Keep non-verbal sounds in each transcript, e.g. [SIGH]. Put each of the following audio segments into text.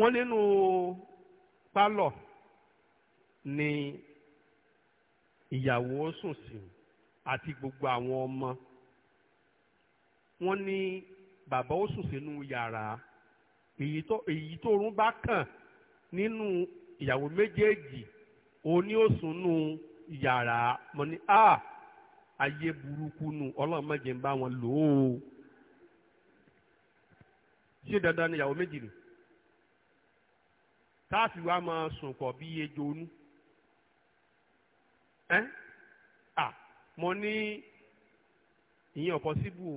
wọ́n nínú pálọ̀ ni ìyàwó sùn sí àti gbogbo àwọn ọmọ wọ́n ní bàbá ó sùn sínú yàrá èyí tó èyí tó rún bá kàn nínú ìyàwó méjèèjì òní ó sùn nù yàrá mo ní a ayé burúkú nu ọlọ́run má jẹ́ ń bá wọn lò ó ṣé dandan ni ìyàwó méjì ni táàfì wa máa sùn pọ̀ bí ejò onú ẹ́ à mo ní ìyẹn ọ̀pọ̀ síbù o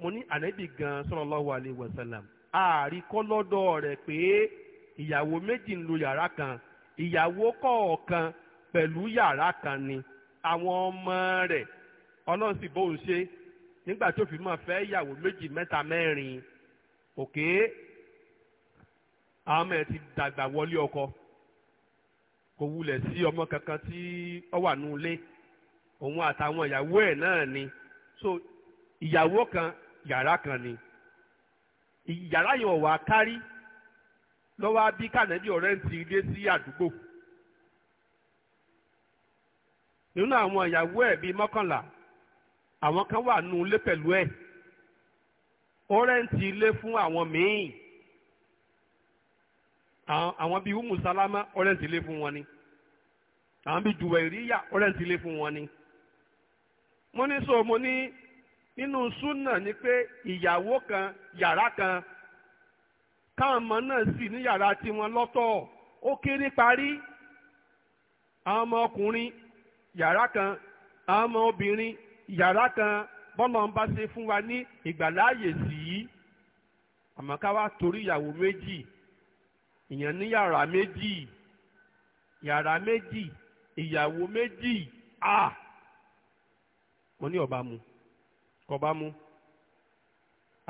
mo ní ànábì gan sallallahu alaihi wasallam ààrí kọ́ lọ́dọ̀ rẹ̀ pé ìyàwó méjì ń lo yàrá kan ìyàwó kọ̀ọ̀kan pẹ̀lú yàrá kan ni àwọn ọmọ rẹ̀ ọlọ́run sì bóun ṣe nígbà tó fi máa fẹ́ ìyàwó méjì mẹ́ta mẹ́rin òkè. Okay? àwọn ọmọ ẹ̀ ti dàgbà wọlé ọkọ kò wulẹ̀ sí ọmọ kankan tí ó wà nù ilé òun àtàwọn ìyàwó ẹ̀ náà ni so ìyàwó kan yàrá kan ni yàrá yẹn ọ̀wà kárí lọ́wọ́ bí kànẹ́bí ọ̀rẹ́ ń ti ilé sí àdúgbò nínú àwọn ìyàwó ẹ̀ bíi mọ́kànlá àwọn kan wà nù ilé pẹ̀lú ẹ̀ ọ̀rẹ́ ń ti ilé fún àwọn míì àwọn bíi umu salama ọrẹ́ǹtì lé fún wọn ni àwọn bíi juwẹ̀ríyà ọrẹ́ǹtì lé fún wọn ni. mo ní sọ mo ní nínú súnà ni pé ìyàwó kan yàrá kan káwọn ọmọ náà sì ní yàrá tiwọn lọ́tọ̀ ó kéré parí àwọn ọmọ yàrá kan àwọn ọmọ obìnrin yàrá kan bọ́lọ̀ ń bá ṣe fún wa ní ìgbàláàyè sí i àmọ́ ká wá torí ìyàwó méjì ìyẹn ní yàrá méjì yàrá méjì ìyàwó méjì a mo ní ọba mu kọba mu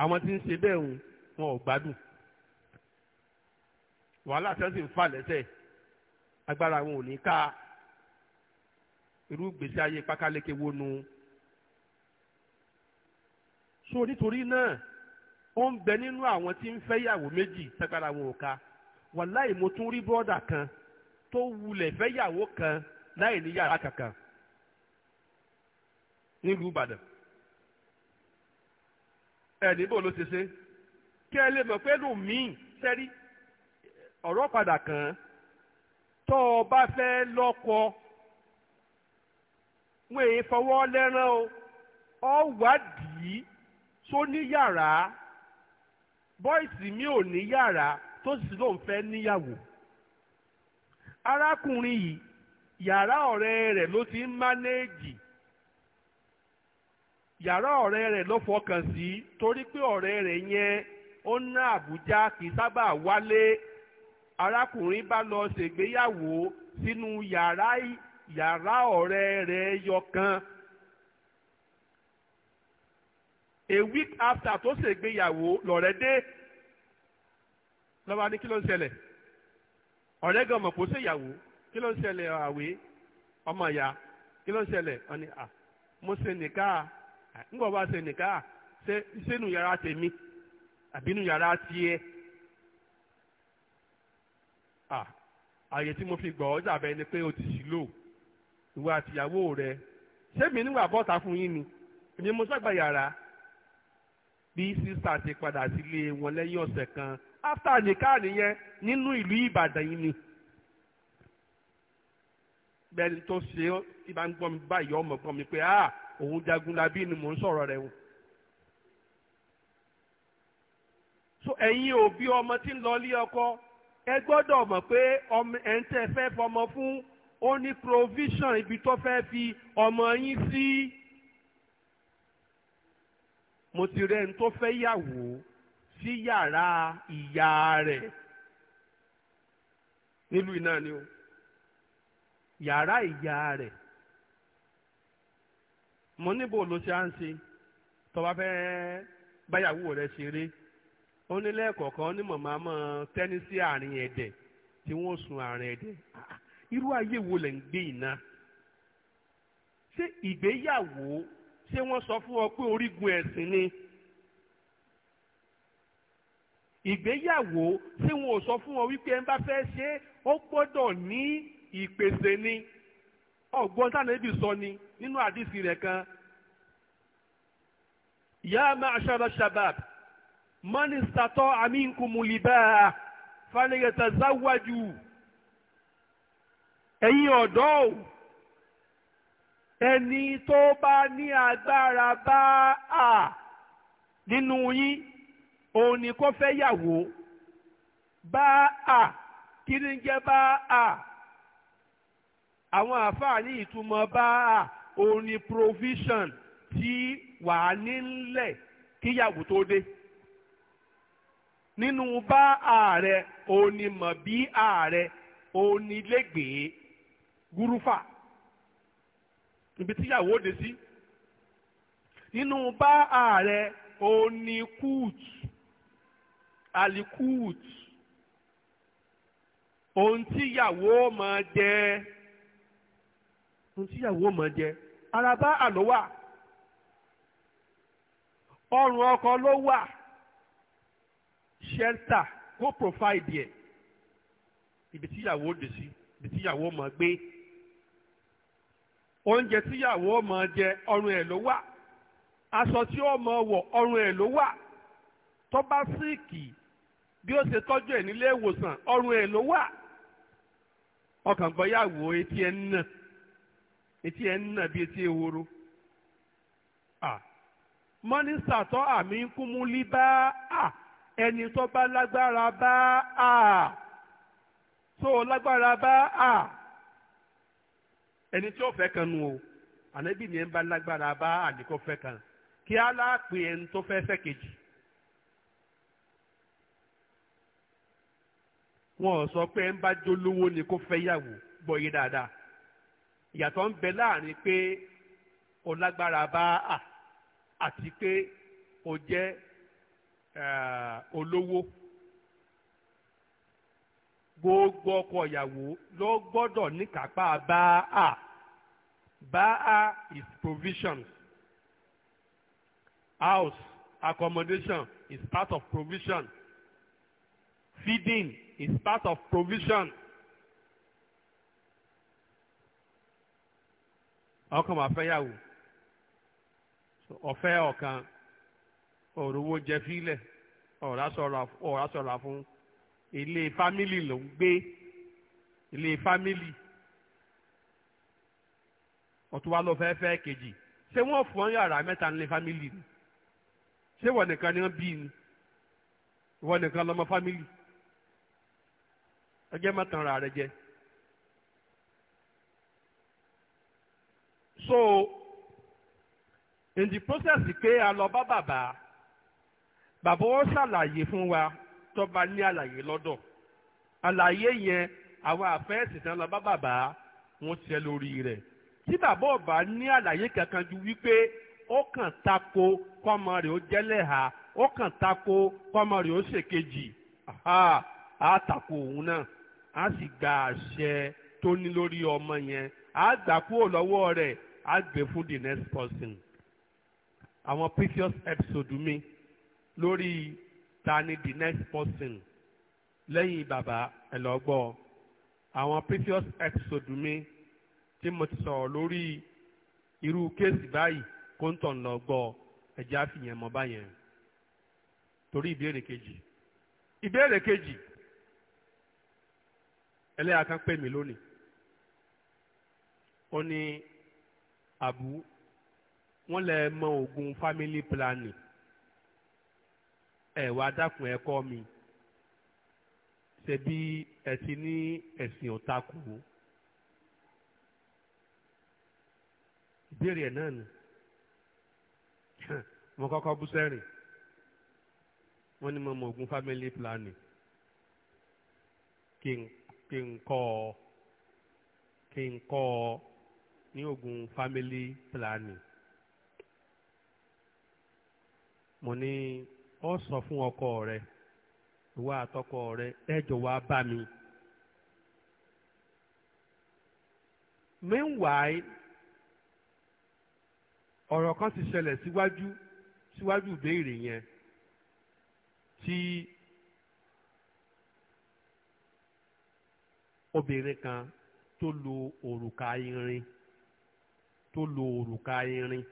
àwọn tí ń ṣe bẹ́ẹ̀ ń wọn ò gbádùn wàhálà tí wọ́n sì ń fà lẹ́sẹ̀ agbára wọn ò ní ká irú gbèsè ayé pákáleke wo nu so nítorí náà ó ń bẹ nínú àwọn tí ń fẹ́ yàwó méjì tágbára wọn ò ká wàláì mo tún rí bọ́dà kan tó wulẹ̀ fẹ́yàwó kan láì ní yàrá kankan nílùú Ìbàdàn ẹ níbo ló ṣe ṣe kí ẹ lè mọ̀ pé lù míì sẹ́rí ọ̀rọ̀ padà kàn án tó o bá fẹ́ lọ́kọ wọn èyí fọwọ́ lẹ́rán o ọ wádìí tó ní yàrá bọ́ìsì mi ò ní yàrá tó sì ń fẹ́ níyàwó arákùnrin yìí yàrá ọ̀rẹ́ rẹ̀ ló ti ń mánéèjì yàrá ọ̀rẹ́ rẹ̀ ló fọkàn sí torí pé ọ̀rẹ́ rẹ̀ yẹn ó ná Àbújá kì í sábà wálé arákùnrin bá lọ ṣègbéyàwó sínú yàrá yàrá ọ̀rẹ́ rẹ̀ yọkan a week after tó ṣègbéyàwó lọ̀rẹ́ dé. lọ́wọ́ ní kí ló ń ṣẹlẹ̀ ọ̀rẹ́ gan mọ̀ kí ló ń ṣẹlẹ̀ àwé ọmọ ìyá kí ló ń ṣẹlẹ̀ ọ̀ni à mo ṣe nìka ńgbọ̀ bá ṣe nìka ṣe sínú yàrá tèmi àbínú yàrá tiẹ̀ à àyè tí mo fi gbọ̀ ọ́ dàbẹ́ ni pé o ti sì lò ìwọ àtìyàwó rẹ ṣé mi nígbà bọ́ta fún yín ni èmi mo yàrá bí sísà ti padà sílé wọn lẹ́yìn ọ̀sẹ̀ kan áfítà nìkan nìyẹn nínú ìlú Ìbàdàn yìí ni bẹ́ẹ̀ni tó ṣe tí ń gbọ́ mi báyìí ọmọ gbọ́ mi pé ah òun Jagunlabi ni mò ń sọ̀rọ̀ rẹ̀ wọn. so ẹ̀yin òbí ọmọ tí ń lọ ilé ọkọ ẹ gbọ́dọ̀ mọ̀ pé ẹ̀ń tẹ́ fẹ́ fọmọ fún ó ní provision ibi tó fẹ́ fi ọmọ yín sí. Si mo ti rẹ́ ẹni tó fẹ́ yàwó sí yàrá ìyá rẹ̀ nílùú iná ni o yàrá ìyá rẹ̀ mo níbo ló ṣe à ń ṣe tó bá fẹ́ báyàwó rẹ̀ ṣeré ó ní lẹ́ẹ̀kọ̀ọ̀kan ní màmá mọ́ tẹ́ni sí sun àárín ẹ̀dẹ̀ irú ayé wo lẹ̀ ń gbé iná ṣé ṣé wọ́n sọ fún ọ pé orígun ẹ̀sìn ni ìgbéyàwó ṣé wọn ò sọ fún ọ wípé ẹ bá fẹ́ ṣe é ó gbọ́dọ̀ ní ìpèsè ni ọ̀gbọ́n tánàbì sọ ni nínú àdìsí rẹ̀ kan ya ma'ashara shabab man istata'a minkumu liba'a falyatazawwaju ẹ̀yin ọ̀dọ́ o ẹni tó bá ní agbára bá a nínú yín òun ni kó fẹ́ yàwó bá a kí ni jẹ́ bá a àwọn àáfàá ní ìtumọ̀ bá a òun ni provision tí wàá nílẹ̀ kíyàwó tó dé nínú bá ààrẹ òun ni mọ̀ bí ààrẹ òun ni lẹ́gbẹ̀ẹ́ gúrúfà níbi tíyàwó dé sí nínú bá ààrẹ oníkúùt alikúùt ohun tíyàwó máa jẹ ohun tíyàwó máa jẹ ara bá àlọ́ wà ọrùn ọkọ ló wà shelter kó provide yẹ ibi tíyàwó dé sí ibi tíyàwó máa gbé. oúnjẹ tíyàwó ọmọ jẹ ọrùn ẹ̀ ló wà aṣọ tí ọmọ wọ̀ ọrùn ẹ̀ ló wà tó síìkì bí ó ṣe tọ́jú ẹ nílé ìwòsàn ọrùn ẹ̀ ló wà ọkàn gbọ́yàwó etí ẹ ń nà etí ẹ ń nà bí etí ehoro mọ́nísà tó àmì ń kú mú ẹni tó bá lágbára bá a tó lágbára bá a. ẹni tí ó fẹ́ kan nu o ànábì ni ẹ ń bá lágbára bá àdìkọ́ fẹ́ kan kí á láàpè ẹni tó fẹ́ fẹ́ kejì. wọn ò sọ pé ẹ ń bá jólówó ni kó fẹ́ yàwó gbọ́ yé dáadáa ìyàtọ̀ ń bẹ láàrin pé o lágbára bá a àti pé o jẹ́ eh, olówó. Uh, gbogbo ọkọ ìyàwó ló gbọ́dọ̀ níkàápá bá a bá a is provisions house accommodation is part of provision feeding is part of provision. ọkàn máa fẹ́ yàwó ọ̀fẹ́ ọ̀kan ọ̀rọ̀ owó jẹ fílẹ̀ ọ̀rá sọ̀rọ̀ fún ilé fámìlì ló ń gbé ilé fámìlì ọ̀tún wa lọ fẹ́ fẹ́ kejì ṣé wọ́n fún ọ yàrá mẹ́ta nílé fámìlì ni ṣé wọ́n nìkan ni wọ́n bí ni wọ́n nìkan lọ́mọ fámìlì ẹjẹ́ má tan ra rẹ jẹ. so in the process pé a lọ bá bàbá bàbá ó ṣàlàyé fún wa tó bá ní àlàyé lọ́dọ̀ àlàyé yẹn àwọn àfẹ́ẹ̀sì tán lọ bá bàbá wọn ṣe lórí rẹ̀ tí bàbá ọba ní àlàyé kankan ju wípé ó kàn tako kọ́mọ rẹ̀ ó jẹ́lẹ̀ha ó kàn tako kọ́mọ rẹ̀ ó ṣèkejì á tako òun náà á sì gba àṣẹ tó ní lórí ọmọ yẹn á gbà kúrò lọ́wọ́ rẹ̀ á gbé fún the next person àwọn previous episode mi lórí ta ni the next person lẹ́yìn bàbá ẹ àwọn previous episode mi tí mo ti sọ̀rọ̀ lórí irú kéèsì báyìí kóńtọ̀n lọ gbọ́ ẹ̀jẹ̀ àfihàn mọ́ báyẹn torí ìbéèrè kejì ìbéèrè kejì ẹlẹ́yà kan pè mí lónìí ó ní àbú wọ́n lè mọ oògùn family planning ẹ wá dákun ẹ kọ́ mi ṣebí ẹ ti ní ẹ̀sìn ọ̀takù ìbéèrè ẹ̀ náà nù [LAUGHS] mo kọ́kọ́ bú sẹ́rìn wọ́n ní mo mọ oògùn family planning kí n kí kí n kọ́ ọ ní oògùn family planning mo ní ọ sọ fún ọkọ rẹ ìwà àtọkọ rẹ ẹ jọ wá bá mi. meanwhile ọ̀rọ̀ kan ti ṣẹlẹ̀ síwájú síwájú ìbéèrè yẹn tí obìnrin kan tó lo òrùka irin tó lo òrùka irin.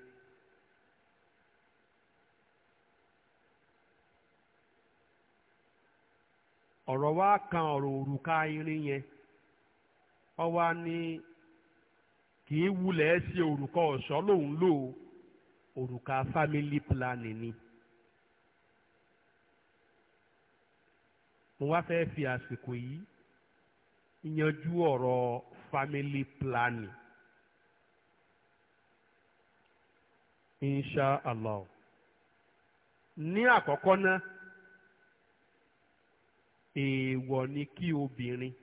ọ̀rọ̀ wa kan ọ̀rọ̀ òrùka irin yẹn ọ wa ní kì í wulẹ̀ ṣe òrùka ọ̀ṣọ́ lòun lò òrùka family planning ni. mo wá fẹ́ fi àsìkò yìí yanjú ọ̀rọ̀ family planning insha allah ní àkọ́kọ́ náà èèwọ̀ ni kí obìnrin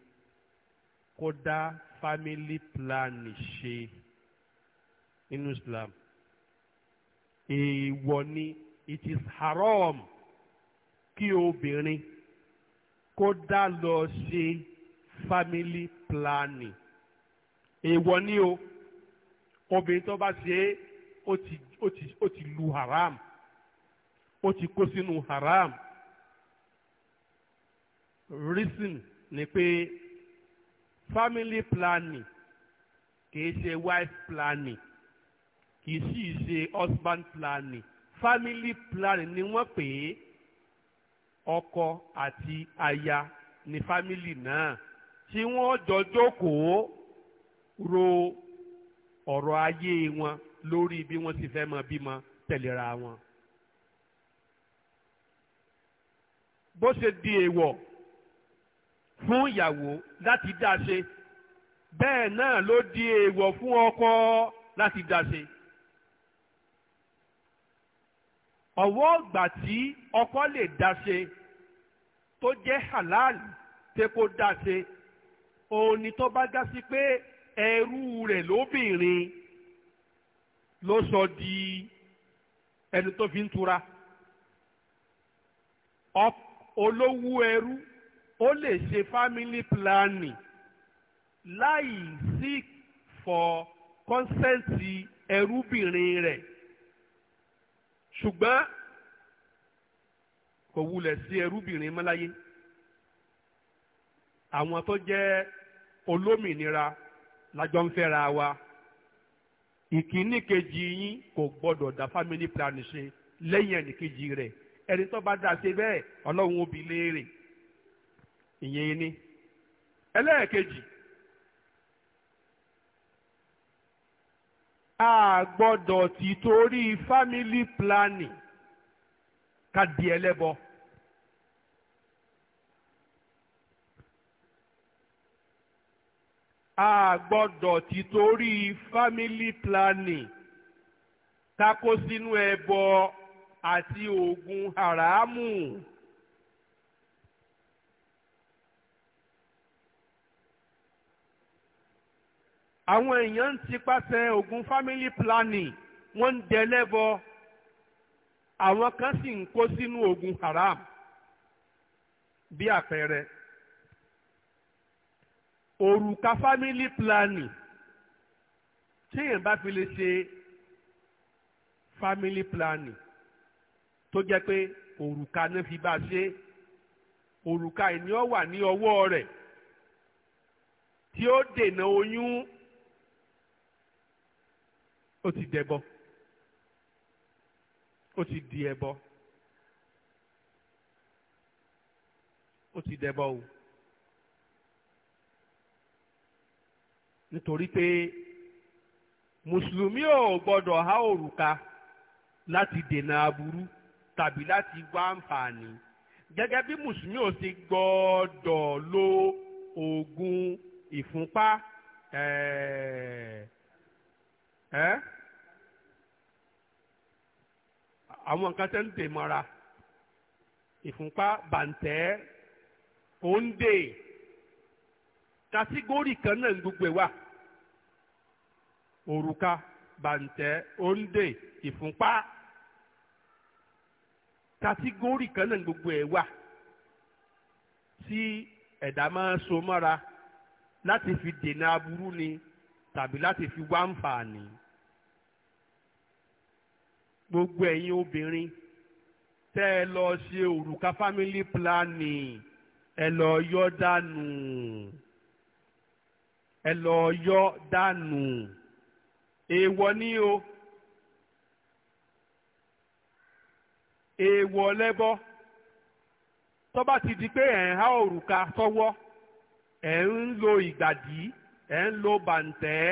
kó dá family planning ṣe nínú Islam èèwọ̀ ni it is haram kí obìnrin kó dá lọ ṣe family planning èèwọ̀ ni o obìnrin tó bá ṣe é ó ti ó ó ti lu haram ó ti kó sínú haram reason ni pé family planning kìí ṣe wife planning kìí sì ṣe husband planning family planning ni wọ́n pè é ọkọ àti aya ni family náà tí wọ́n jọ jókòó ro ọ̀rọ̀ ayé wọn lórí bí wọ́n ti fẹ́ mọ bímọ tẹ̀léra wọn. bó ṣe di èèwọ̀ fún ìyàwó láti dá ṣe bẹ́ẹ̀ náà ló di èèwọ̀ fún ọkọ láti dá ṣe. ọ̀wọ́ ọ̀gbà tí ọkọ lè dá tó jẹ́ halal tẹ́ kó dá ṣe òun ni tó bá dá sí pé ẹrú rẹ̀ lóbìnrin ló sọ di ẹni tó fi ń tura olówó ẹrú ó lè ṣe family planning láì sí for kọ́nsẹ́ǹtì ẹrúbìnrin rẹ̀ ṣùgbọ́n kò wulẹ̀ sí ẹrúbìnrin mọ́láyé àwọn tó jẹ́ olómìnira lájọ ń fẹ́ra wa ìkíní kejì yín kò gbọ́dọ̀ dá family planning ṣe lẹ́yìn ẹnìkejì rẹ̀ ẹni tó bá dá ṣe bẹ́ẹ̀ ọlọ́run ó bi léèrè ìyẹn ni ẹlẹ́ẹ̀kejì a gbọ́dọ̀ ti torí family planning ká di ẹlẹ́bọ. a gbọ́dọ̀ ti torí family planning ká kó sínú ẹbọ àti oògùn haramu. àwọn èèyàn ń tipasẹ̀ ogun family planning wọ́n ń dẹlẹ́bọ àwọn kan sì ń kó sínú ogun haram bí àpẹẹrẹ òrùka family planning téèyàn bá fi lè ṣe family planning tó jẹ́ pé òrùka náà fi bá ṣe òrùka ìní ọ wà ní ọwọ́ rẹ̀ tí ó dènà oyún o ti debo o ti di ti debo o nítorí pé mùsùlùmí ò gbọdọ̀ há òrùka láti dènà aburú tàbí láti wá àǹfààní gẹ́gẹ́ bí mùsùlùmí ò ṣe gbọdọ̀ lo oògùn ìfúnpá Eh, eh? àwọn nǹkan tẹ́ ń dè mọ́ra ìfúnpá bàǹtẹ́ òǹdè kàtígórì kan náà ń gbogbo ẹ̀ wà òrùka bàǹtẹ́ òǹdè ìfúnpá kàtígórì kan náà ń gbogbo ẹ̀ wà tí ẹ̀dá máa ń so mọ́ra láti fi dènà aburú ni tàbí láti fi wá àǹfààní gbogbo ẹ̀yin obìnrin tẹ́ ẹ lọ ṣe òrùka family planning ẹ lọ yọ dànù ẹ lọ yọ dànù èèwọ̀ ni o èèwọ̀ lẹ́bọ tó ti di pé ẹ̀ ń há òrùka sọ́wọ́ ẹ̀ ń lo ìgbàdí ẹ̀ ń lo bàǹtẹ́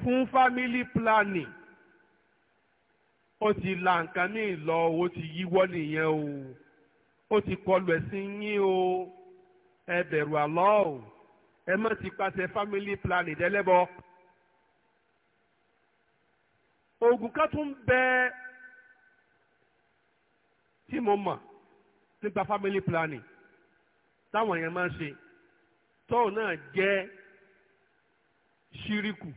fún family planning ó ti la nǹkan ní ìlọ ó ti yíwọ́ nìyẹn o ó ti kọlu ẹ̀sìn yín o ẹ bẹ̀rù àlọ́ o ẹ má ti pàṣẹ family planning dẹ́lẹ́bọ. oògùn kan tún bẹ tí mo mọ̀ nípa family planning táwọn èèyàn máa ń ṣe tóun náà jẹ́ ṣíríkù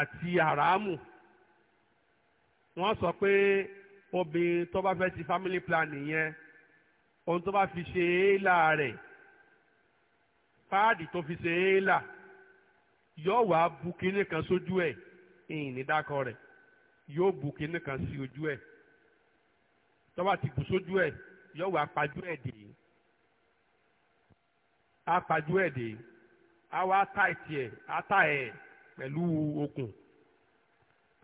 àti àràámù wọ́n sọ pé obìnrin tó bá fẹ́ ti family planning yẹn ohun tó bá fi ṣe é là rẹ̀ páàdì tó fi ṣe é là yóò wá bu kinní kan sójú ẹ̀ ìyìn ní dákọ̀ rẹ̀ yóò bu kinní kan sí ojú ẹ̀ tó bá ti bù sójú ẹ̀ yóò wá pajú ẹ̀ dè á pajú ẹ̀ dè á wá tá tiẹ̀ á tá ẹ̀ pẹ̀lú okùn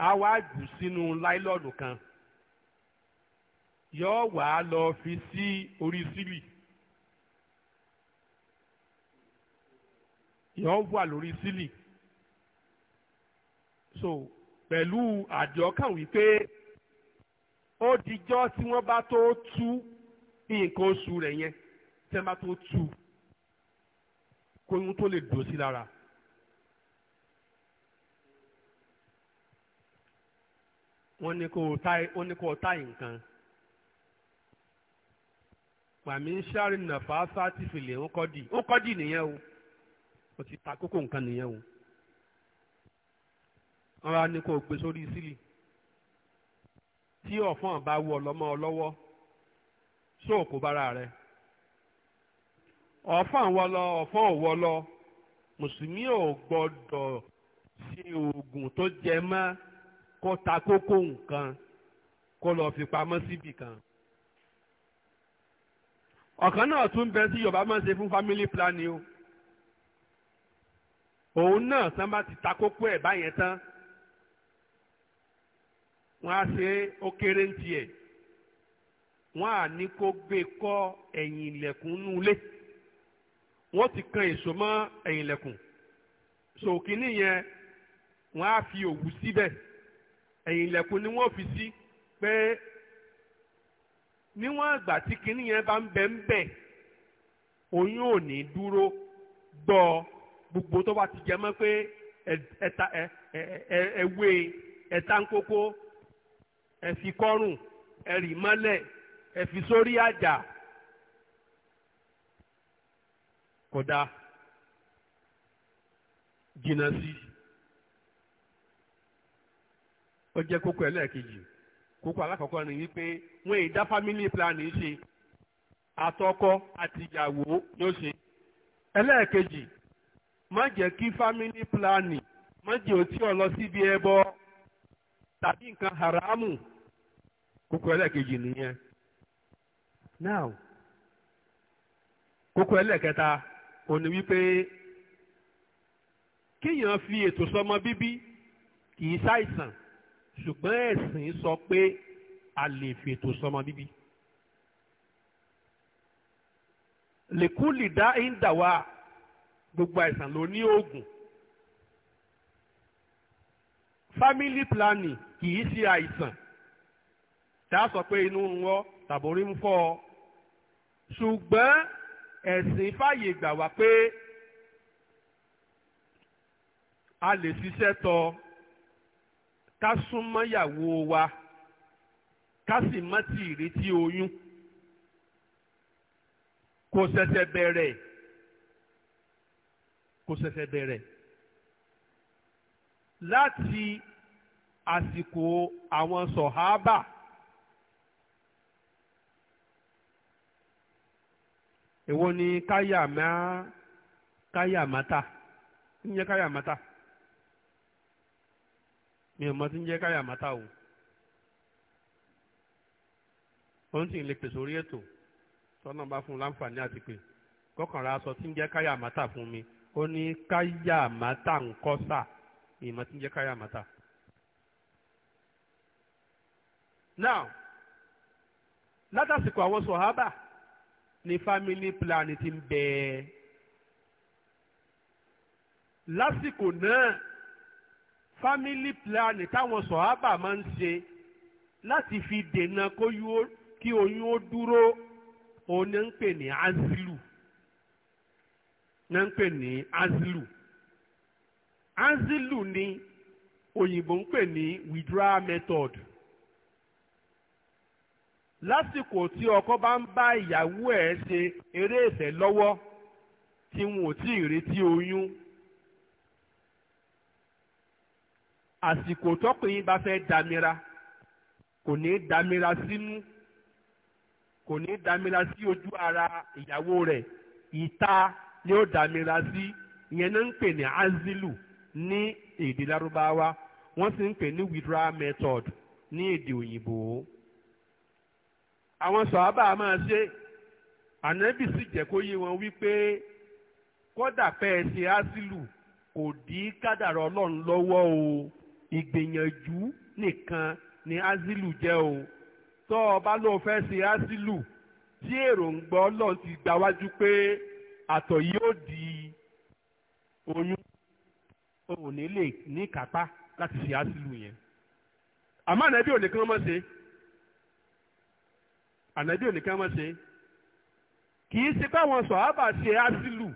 á wá jù sínú láìlọ́ọ̀nù kan yóò wá lọ fi sí orí sílì yóò wà lórí sílì so pẹ̀lú àjọkàn wípé ó dijọ́ tí wọ́n bá tó tú nǹkan oṣù rẹ̀ yẹn tẹ́ bá tó tú kóyún tó lè dòsí lára. wọ́n ní kó táì wọ́n ní kó táì nǹkan wàmí ń ṣáàrì nàfà sátìfìlẹ̀ ń kọ́dì ń kọ́dì nìyẹn o ó ti ta kókó nǹkan nìyẹn o wọ́n wá ní kó gbé sórí sílì tí ọ̀fọ́n bá wú ọlọ́mọ ọlọ́wọ́ sóòkó bára rẹ̀ ọ̀fọ́n wọlọ ọ̀fọ́n ò wọlọ mùsùlùmí ò gbọ́dọ̀ ṣe oògùn tó jẹ mọ́ kó ta kókó nǹkan kó lọ fi pamọ́ síbì kan. ọ̀kan náà tún bẹ sí yorùbá máa ń ṣe fún family planning o òun náà tán bá ti ta kókó ẹ̀ báyẹn tán wọ́n á ṣe ó kéré ń tiẹ̀ wọ́n á ní kó gbé kọ́ ẹ̀yìn ilẹ̀kùn nulẹ̀ wọ́n ti kan èso mọ́ ẹ̀yìn ilẹ̀kùn sòkínì yẹn wọ́n á fi òwú síbẹ̀. So, ẹ̀yìn ilẹ̀kùn ni wọ́n fi sí pé níwọ̀n àgbà tí kinní yẹn bá ń bẹ ń bẹ oyún ò ní dúró gbọ́ gbogbo tó bá ti jẹ mọ́ pé ẹ̀ta ẹ̀wé ẹ̀ta ń kókó ẹ̀fi kọ́rùn ẹ̀rì mọ́lẹ̀ ẹ̀fi sórí àjà kódà jìnnà sí i. ó jẹ́ kókó ẹlẹ́ẹ̀kejì kókó alákọ̀ọ́kọ́ ni wípé wọ́n èyí dá family planning ṣe àtọkọ àti ìyàwó ló ṣe ẹlẹ́ẹ̀kejì má jẹ́ kí family planning má jẹ́ òtí ọ̀ lọ síbi ẹbọ tàbí nǹkan haramu kókó ẹlẹ́ẹ̀kejì nìyẹn now kókó ẹlẹ́ẹ̀kẹta òní wípé kéèyàn fi ètò sọmọ bíbí kì í ṣàìsàn ṣùgbọ́n ẹ̀sìn sọ pé a lè fètò sọmọ bíbí. lèkúlì dá ìdàwà gbogbo àìsàn ló ní oògùn. family planning kì í ṣe àìsàn tá a sọ pé inú ń wọ́ tàbórí ń fọ́ ọ. ṣùgbọ́n ẹ̀sìn fàyè gbà wá pé a lè ṣiṣẹ́ tọ́ ọ ká súnmọ́ ìyàwó wa ká sì má ti ìrètí oyún kò ṣẹ̀ṣẹ̀ bẹ̀rẹ̀ kò ṣẹ̀ṣẹ̀ bẹ̀rẹ̀ láti àsìkò àwọn sọ̀háábà èwo ni káyàmá káyàmátà ń yẹ káyàmátà. mi ò mọ ń jẹ́ káyà mátà o òun sì ń lè pèsè orí ètò tọ́nà bá fún un láǹfààní àti pé kọkànlá aṣọ tí ń jẹ́ káyà fún mi ó mi ń jẹ́ káyà now látàsìkò àwọn ni family plan ti bẹ lásìkò náà. family planning táwọn sọ̀hábà máa ń ṣe láti fi dènà kí oyún ó dúró òun ni ń pè ní azilu ni ń pè ní azilu azilu ni òyìnbó ń pè ní withdrawal method lásìkò tí ọkọ bá ń bá ìyàwó ẹ̀ ṣe eré ìfẹ́ lọ́wọ́ tí wọn ò tí ì retí oyún. àsìkò tọkùnrin bá fẹ́ damira kò ní damira sínú kò ní damira sí ojú ara ìyàwó rẹ̀ ìta ni ó damira sí ìyẹn náà ń pè ní azilu ní èdè lárúbáwá wọ́n sì ń pè ní withdrawal method ní èdè òyìnbó àwọn sọ̀hábà máa ṣe ànábì sì jẹ́ kó yé wọn wípé kódà pé ẹ ṣe azilu kò dí kádàrá ọlọ́run lọ́wọ́ o ìgbìyànjú nìkan ni azilu jẹ́ o tó o bá lóun fẹ́ ṣe azilu tí èròǹgbà ọlọ́run ti gbà wájú pé àtọ̀ yóò di oyún o ò ní lè ní kápá láti ṣe azilu yẹn àmọ́ ànábì òní kan ṣe ànábì òní kan ṣe kì í ṣe pé àwọn sọ̀hábà ṣe azilu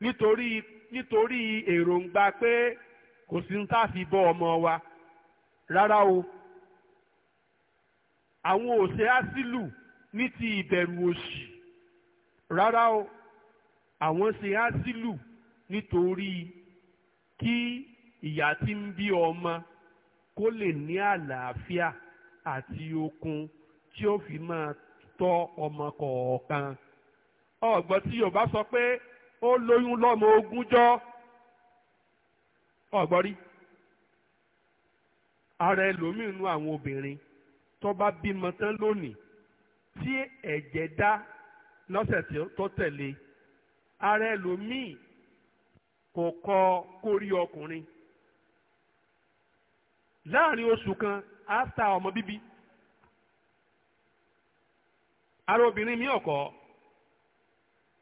nítorí nítorí èròǹgbà pé kò sí ní tá a fi bọ́ ọmọ wa rárá o àwọn òṣè asílù ní ti ìbẹ̀rù òṣì rárá o àwọn ṣe asílù nítorí kí ìyá tí ń bí ọmọ kó lè ní àlàáfíà àti okun tí ó fi máa tọ́ ọmọ kọ̀ọ̀kan ọ̀gbọ́n tí Yorùbá sọ pé ó lóyún lọ́mọ ogúnjọ́ ọ̀gbọ́rí ara ẹlòmíín nu àwọn obìnrin tó bá bímọ tán lónìí tí ẹ̀jẹ̀ dá lọ́sẹ̀ tó tẹ̀lé ara ẹlòmíín kò kọ kórí ọkùnrin láàrin oṣù kan á ta ọmọ bíbí ara obìnrin mi ọkọ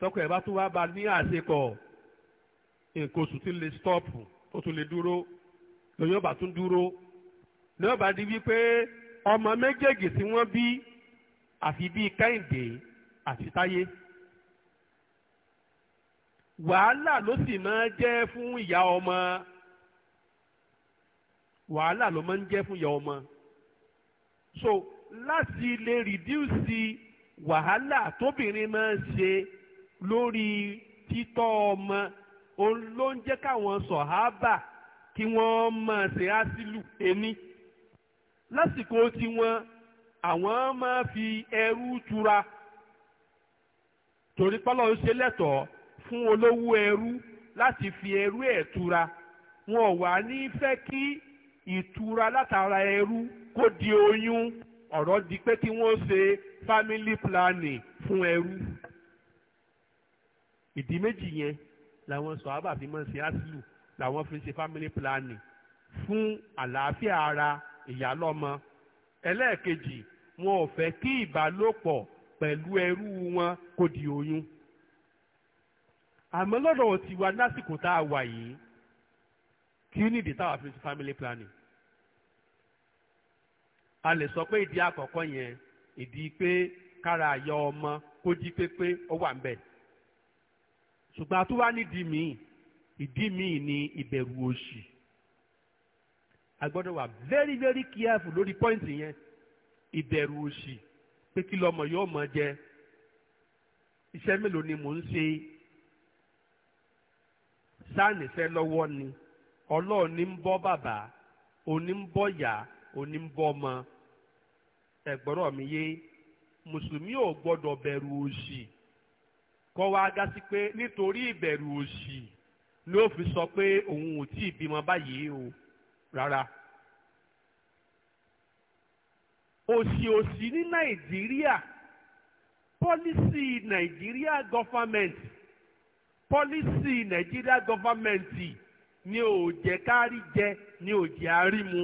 tọkọ ẹ̀ bá tún wá ba ní àṣekọ nǹkan oṣù tí lè stọọpù ó tún lè dúró lóyún ọba tún dúró lóyún ọba di wípé ọmọ méjèèjì tí wọ́n bí àfi bíi kẹ́hìndé àti táyé wàhálà ló sì máa jẹ́ fún ìyá ọmọ wàhálà ló máa ń jẹ́ fún ìyá ọmọ so láti lè rìdíùsì wàhálà tóbìnrin máa ń ṣe lórí títọ́ ọmọ òun ló ń jẹ́ káwọn sọ̀hábà kí wọ́n máa ṣe ásílù ẹni lásìkò tiwọn àwọn máa fi ẹrú tura torí pọ́lọ́ ń ṣe lẹ́tọ̀ọ́ fún olówó ẹrú láti fi ẹrú ẹ̀ tura wọn ò wá ní fẹ́ kí ìtura látara ẹrú kó di oyún ọ̀rọ̀ di pé kí wọ́n ṣe family planning fún ẹrú ìdí méjì yẹn làwọn sọ̀hábà fi máa ń ṣe áṣìlù làwọn fi ń ṣe family planning fún àlàáfíà ara ìyálọ́mọ ẹlẹ́ẹ̀kejì wọn ò fẹ́ kí ìbálòpọ̀ pẹ̀lú ẹrú wọn kò di oyún àmọ́ lọ́dọ̀ tiwa lásìkò tá a wà yìí kí ní ìdí táwa fi ń ṣe family planning a lè sọ pé ìdí àkọ́kọ́ yẹn ìdí pé kára àyà ọmọ kó jí pépé ó wà ń bẹ̀ ṣùgbọ́n àtúwá nídìí míì ìdí míì ni ìbẹ̀rù òṣì a wà very very careful lórí pọ́ìntì yẹn ìbẹ̀rù òṣì pé kí lọmọ yóò mọ jẹ iṣẹ́ mélòó ni mò ń ṣe sáànì fẹ́ lọ́wọ́ ni ọlọ́run ní ń bọ́ bàbá òní ń bọ́ yá òní ń bọ́ ọmọ ẹ̀gbọ́rọ̀ mi yé mùsùlùmí ò gbọ́dọ̀ bẹ̀rù òṣì kọ́ wa ga sí pé nítorí ìbẹ̀rù òṣì ló fi sọ pé òun ò tí ì bímọ báyìí o rárá. òṣì òṣì ní nàìjíríà pọ́lísì nàìjíríà gọ́fàmẹ̀ntì pọ́lísì nàìjíríà gọ́fàmẹ̀ntì ni ò jẹ́ kárí jẹ ni ò jẹ́ àrímu.